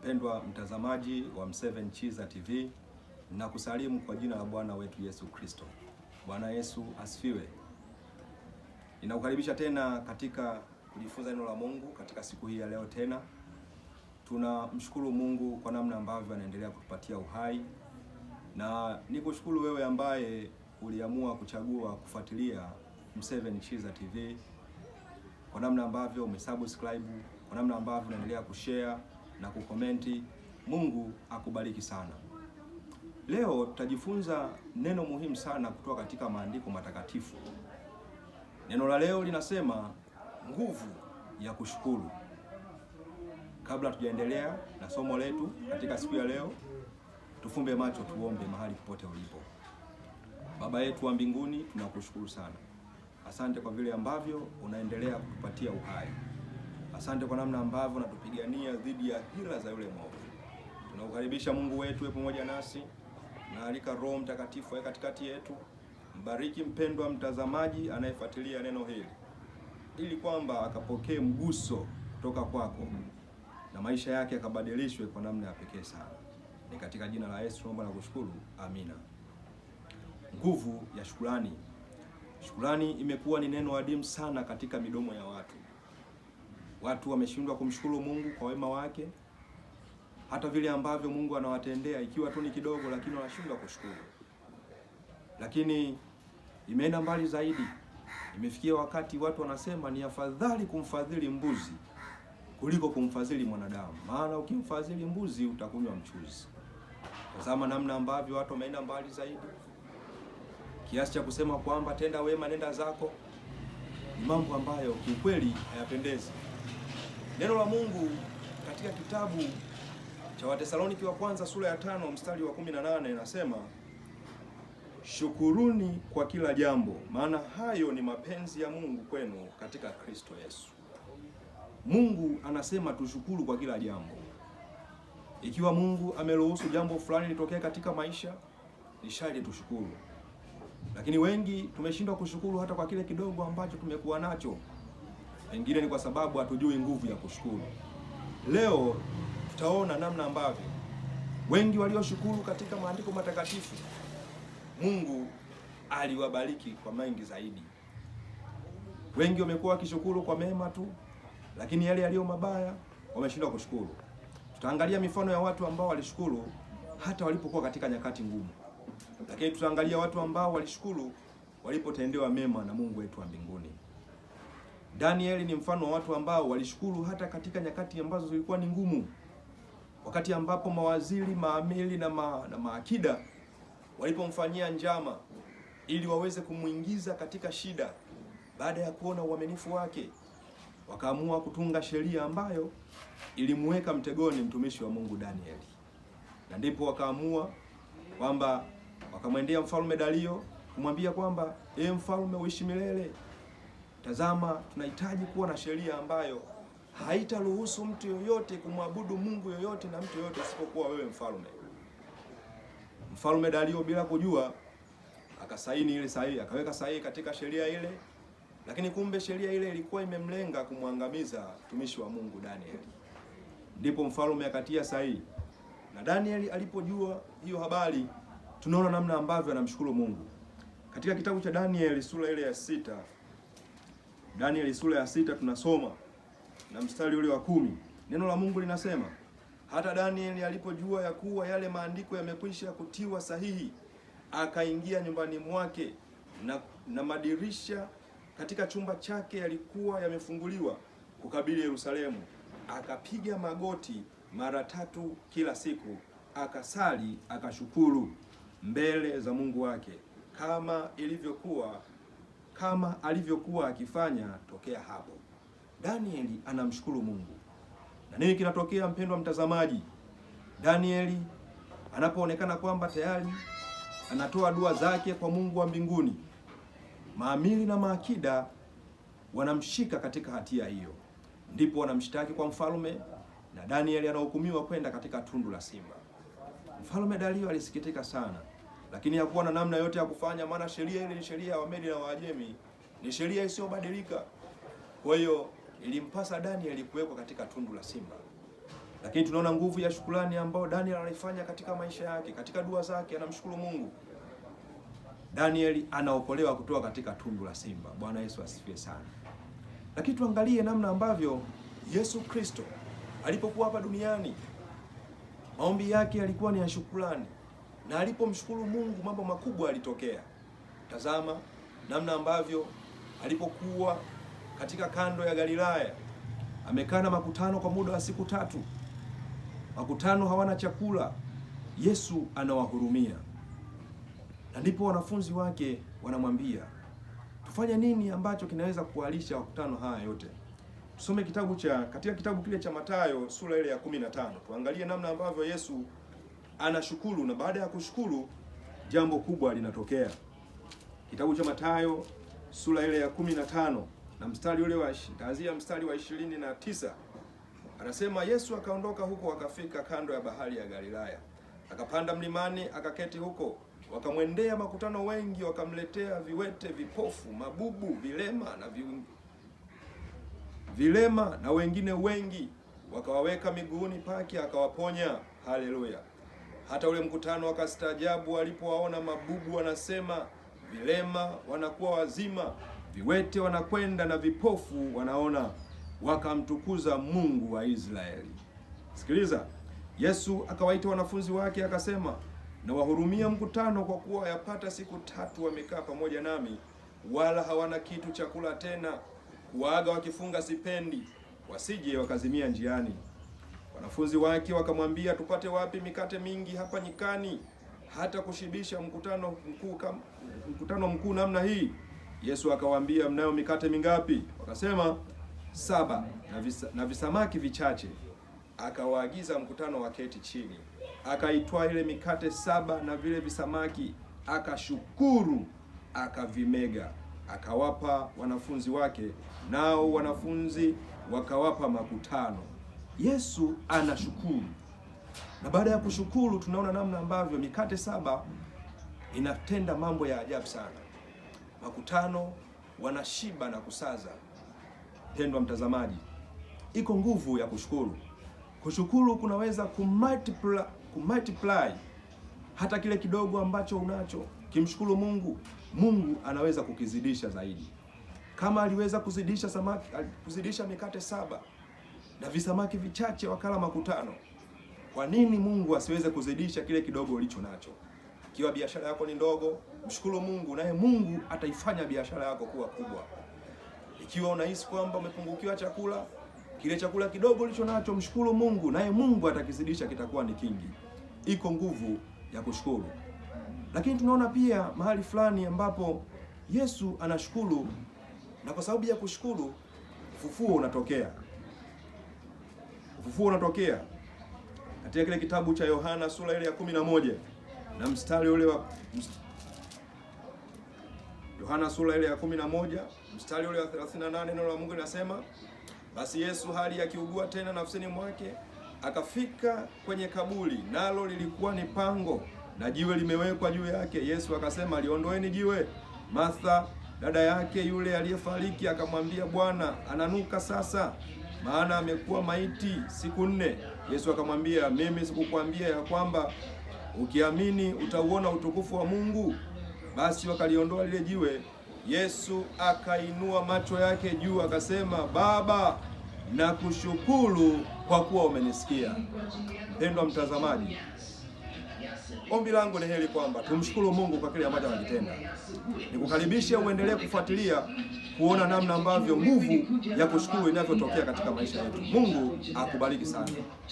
Mpendwa mtazamaji wa Mseven Chiza TV, nakusalimu kwa jina la Bwana wetu Yesu Kristo. Bwana Yesu asifiwe. Ninakukaribisha tena katika kujifunza neno la Mungu katika siku hii ya leo. Tena tunamshukuru Mungu kwa namna ambavyo anaendelea kutupatia uhai, na nikushukuru wewe ambaye uliamua kuchagua kufuatilia Mseven Chiza TV, kwa namna ambavyo umesubscribe, kwa namna ambavyo unaendelea kushare na kukomenti. Mungu akubariki sana. Leo tutajifunza neno muhimu sana kutoka katika maandiko matakatifu. Neno la leo linasema nguvu ya kushukuru. Kabla tujaendelea na somo letu katika siku ya leo, tufumbe macho, tuombe mahali popote ulipo. Baba yetu wa mbinguni, tunakushukuru sana, asante kwa vile ambavyo unaendelea kutupatia uhai Asante kwa namna ambavyo unatupigania dhidi ya hila za yule mwovu. Tunakukaribisha Mungu wetu, we pamoja nasi, naalika Roho Mtakatifu awe katikati yetu. Mbariki mpendwa mtazamaji anayefuatilia neno hili, ili kwamba akapokee mguso kutoka kwako na maisha yake yakabadilishwe kwa namna ya pekee sana. Ni katika jina la Yesu tunaomba na kushukuru, amina. Nguvu ya shukrani. Shukrani imekuwa ni neno adimu sana katika midomo ya watu. Watu wameshindwa kumshukuru Mungu kwa wema wake, hata vile ambavyo Mungu anawatendea ikiwa tu ni kidogo, lakini wanashindwa kushukuru. Lakini imeenda mbali zaidi, imefikia wakati watu wanasema ni afadhali kumfadhili mbuzi kuliko kumfadhili mwanadamu, maana ukimfadhili mbuzi utakunywa mchuzi. Tazama namna ambavyo watu wameenda mbali zaidi kiasi cha kusema kwamba tenda wema nenda zako, ni mambo ambayo kiukweli hayapendezi. Neno la Mungu katika kitabu cha Watesaloniki wa kwanza sura ya tano mstari wa 18 inasema, shukuruni kwa kila jambo, maana hayo ni mapenzi ya Mungu kwenu katika Kristo Yesu. Mungu anasema tushukuru kwa kila jambo. Ikiwa Mungu ameruhusu jambo fulani litokee katika maisha, ni shari tushukuru, lakini wengi tumeshindwa kushukuru hata kwa kile kidogo ambacho tumekuwa nacho. Pengine ni kwa sababu hatujui nguvu ya kushukuru. Leo tutaona namna ambavyo wengi walioshukuru katika maandiko matakatifu, Mungu aliwabariki kwa mengi zaidi. Wengi wamekuwa wakishukuru kwa mema tu, lakini yale yaliyo mabaya wameshindwa kushukuru. Tutaangalia mifano ya watu ambao walishukuru hata walipokuwa katika nyakati ngumu, lakini tutaangalia watu ambao walishukuru walipotendewa mema na Mungu wetu wa mbinguni. Danieli ni mfano wa watu ambao walishukuru hata katika nyakati ambazo zilikuwa ni ngumu, wakati ambapo mawaziri, maamili na, ma, na maakida walipomfanyia njama ili waweze kumwingiza katika shida, baada ya kuona uaminifu wake wakaamua kutunga sheria ambayo ilimuweka mtegoni mtumishi wa Mungu Danieli, na ndipo wakaamua kwamba wakamwendea mfalme Dario kumwambia kwamba, ee mfalme, uishi milele Tazama, tunahitaji kuwa na sheria ambayo haitaruhusu mtu yoyote kumwabudu Mungu yoyote na mtu yoyote isipokuwa wewe mfalme. Mfalme Dario bila kujua akasaini ile sahihi, akaweka sahihi katika sheria ile, lakini kumbe sheria ile ilikuwa imemlenga kumwangamiza mtumishi wa Mungu Danieli. Ndipo mfalme akatia sahihi, na Danieli alipojua hiyo habari, tunaona namna ambavyo anamshukuru Mungu katika kitabu cha Danieli sura ile ya sita Danieli sura ya sita tunasoma na mstari ule wa kumi. Neno la Mungu linasema hata Danieli alipojua ya kuwa yale maandiko yamekwisha kutiwa sahihi, akaingia nyumbani mwake na, na madirisha katika chumba chake yalikuwa yamefunguliwa kukabili Yerusalemu, akapiga magoti mara tatu kila siku, akasali akashukuru mbele za Mungu wake kama ilivyokuwa kama alivyokuwa akifanya tokea hapo. Danieli anamshukuru Mungu. Na nini kinatokea, mpendwa mtazamaji? Danieli anapoonekana kwamba tayari anatoa dua zake kwa Mungu wa mbinguni, maamili na maakida wanamshika katika hatia hiyo, ndipo wanamshtaki kwa mfalme na Danieli anahukumiwa kwenda katika tundu la simba. Mfalme Dario alisikitika sana lakini hakuwa na namna yote ya kufanya, maana sheria ile ni sheria ya Wamedi na Waajemi, ni sheria isiyobadilika. Kwa hiyo ilimpasa Danieli kuwekwa katika tundu la simba, lakini tunaona nguvu ya shukrani ambayo Daniel anaifanya katika maisha yake, katika dua zake, anamshukuru Mungu. Danieli anaokolewa kutoka katika tundu la simba. Bwana Yesu asifiwe sana. Lakini tuangalie namna ambavyo Yesu Kristo alipokuwa hapa duniani maombi yake yalikuwa ni ya shukrani na alipomshukuru Mungu mambo makubwa yalitokea. Tazama namna ambavyo alipokuwa katika kando ya Galilaya amekaa na makutano kwa muda wa siku tatu, makutano hawana chakula, Yesu anawahurumia, na ndipo wanafunzi wake wanamwambia tufanye nini ambacho kinaweza kuwalisha makutano haya yote? Tusome kitabu cha katika kitabu kile cha Mathayo sura ile ya 15 tuangalie namna ambavyo Yesu anashukuru, na baada ya kushukuru jambo kubwa linatokea. Kitabu cha Mathayo sura ile ya kumi na tano na mstari ule wa taanzia mstari wa ishirini na tisa anasema, Yesu akaondoka huko akafika kando ya bahari ya Galilaya, akapanda mlimani akaketi huko. Wakamwendea makutano wengi, wakamletea viwete, vipofu, mabubu, vilema na viungu vilema na wengine wengi, wakawaweka miguuni pake akawaponya. Haleluya! Hata ule mkutano wakastaajabu walipowaona mabubu wanasema, vilema wanakuwa wazima, viwete wanakwenda na vipofu wanaona, wakamtukuza Mungu wa Israeli. Sikiliza, Yesu akawaita wanafunzi wake akasema, nawahurumia mkutano, kwa kuwa yapata siku tatu wamekaa pamoja nami, wala hawana kitu chakula tena. Kuwaaga wakifunga sipendi, wasije wakazimia njiani. Wanafunzi wake wakamwambia, tupate wapi mikate mingi hapa nyikani hata kushibisha mkutano mkuu kama mkutano mkuu namna hii? Yesu akawaambia, mnayo mikate mingapi? Wakasema saba na, visa, na visamaki vichache. Akawaagiza mkutano waketi chini, akaitwa ile mikate saba na vile visamaki, akashukuru, akavimega, akawapa wanafunzi wake, nao wanafunzi wakawapa makutano. Yesu anashukuru, na baada ya kushukuru tunaona namna ambavyo mikate saba inatenda mambo ya ajabu sana. Makutano wanashiba na kusaza. Pendwa mtazamaji, iko nguvu ya kushukuru. Kushukuru kunaweza kumultiply, hata kile kidogo ambacho unacho. Kimshukuru Mungu, Mungu anaweza kukizidisha zaidi, kama aliweza kuzidisha samaki, kuzidisha mikate saba na visamaki vichache wakala makutano. Kwa nini Mungu asiweze kuzidisha kile kidogo ulicho nacho? Ikiwa biashara yako ni ndogo, mshukuru Mungu, naye Mungu ataifanya biashara yako kuwa kubwa. Ikiwa unahisi kwamba umepungukiwa chakula, kile chakula kidogo ulicho nacho, mshukuru Mungu, naye Mungu atakizidisha kitakuwa ni kingi. Iko nguvu ya kushukuru. Lakini tunaona pia mahali fulani ambapo Yesu anashukuru, na kwa sababu ya kushukuru ufufuo unatokea. Ufufuo unatokea katika kile kitabu cha Yohana sura ile ya kumi na moja na mstari ule wa Yohana sura ile ya kumi na moja mstari ule wa 38 neno la Mungu linasema, basi Yesu hali akiugua tena nafsini mwake akafika kwenye kaburi, nalo lilikuwa ni pango na jiwe limewekwa juu yake. Yesu akasema, liondoeni jiwe. Martha dada yake yule aliyefariki akamwambia, Bwana, ananuka sasa maana amekuwa maiti siku nne. Yesu akamwambia, mimi sikukwambia ya kwamba ukiamini utauona utukufu wa Mungu? Basi wakaliondoa lile jiwe. Yesu akainua macho yake juu akasema, Baba, nakushukuru kwa kuwa umenisikia. pendwa mtazamaji Ombi langu ni hili kwamba tumshukuru Mungu kwa kile ambacho anakitenda. Nikukaribishe uendelee kufuatilia kuona namna ambavyo nguvu ya kushukuru inavyotokea katika maisha yetu. Mungu akubariki sana.